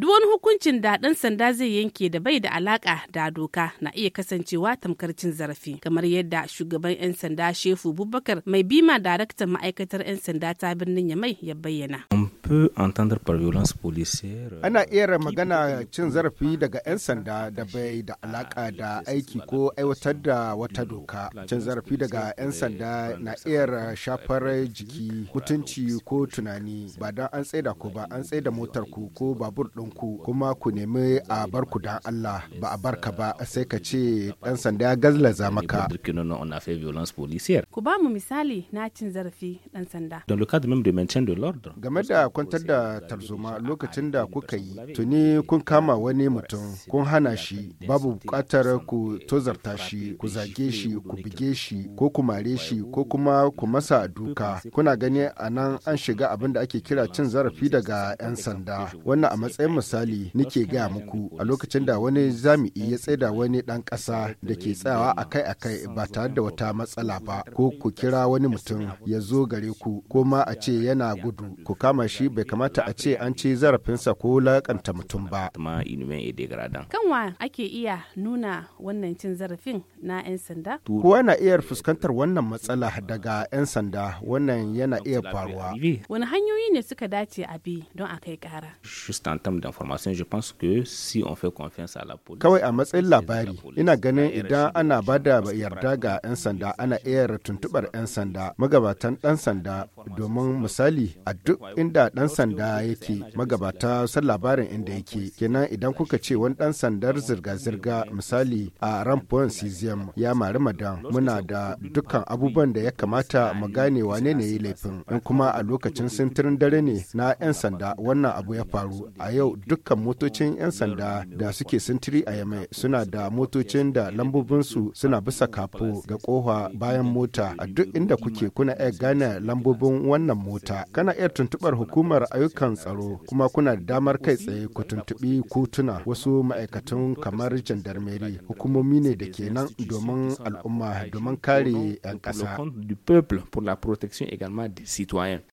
Duk wani hukuncin da ɗan sanda zai yanke da bai da alaƙa da doka na iya kasancewa tamkar cin zarafi. Kamar yadda shugaban 'yan sanda Shefu Bubakar mai bima daraktan ma'aikatar 'yan sanda ta birnin Yamai ya bayyana. Euh, Ana iya magana cin zarafi daga 'yan sanda da bai da alaka da aiki ko aiwatar da wata doka. Cin zarafi daga 'yan sanda na iya shafar jiki, mutunci ko tunani ba don an tsaida ku ba an tsaida motar ku ko babur ɗinku kuma ku nemi a bar ku dan Allah ba a barka ba sai ka ce ɗan sanda ya gazlaza maka. Ku ba mu misali na cin zarafi ɗan sanda. Game da kwantar da tarzoma lokacin da kuka yi tuni kun kama wani mutum kun hana shi babu bukatar ku tozarta shi ku zage shi ku bige shi ko ku mare shi ko kuma ku masa duka kuna gani a nan an shiga abin da ake kira cin zarafi daga 'yan sanda wannan a matsayin misali nike gaya muku a lokacin da wani zami'i ya tsaida wani dan ƙasa da ke tsayawa akai-akai ba tare da wata matsala ba ko ku kira wani mutum ya zo gare ku ko ma a ce yana gudu ku kama shi bai kamata a ce an ci zarafinsa ko lakanta mutum ba. Kanwa ake iya nuna wannan cin zarafin na 'yan sanda? Kowa na iya fuskantar wannan matsala daga 'yan sanda wannan yana iya faruwa. Wani hanyoyi ne suka dace a bi don a kai kara? Kawai a matsayin labari, ina ganin idan ana bada yarda ga 'yan sanda ana iya tuntubar 'yan sanda magabatan ɗan sanda domin misali a duk inda dan sanda yake magabata san labarin inda yake kenan idan kuka ce wani ɗan sandar zirga-zirga misali a rampon cesium ya mari madan muna da dukkan abubuwan da ya kamata mu gane wane ne yi laifin in kuma a lokacin sintirin dare ne na 'yan sanda wannan abu ya faru a yau dukkan motocin 'yan sanda da suke sintiri a yamai suna da motocin da lambobinsu suna bisa kafo ga kofa bayan mota a duk inda kuke kuna iya gane lambobin direbobin wannan mota kana iya tuntubar hukumar ayyukan tsaro kuma kuna da damar kai tsaye ku tuntubi kotuna wasu ma'aikatan kamar jandarmeri hukumomi ne da ke nan domin al'umma domin kare 'yan ƙasa.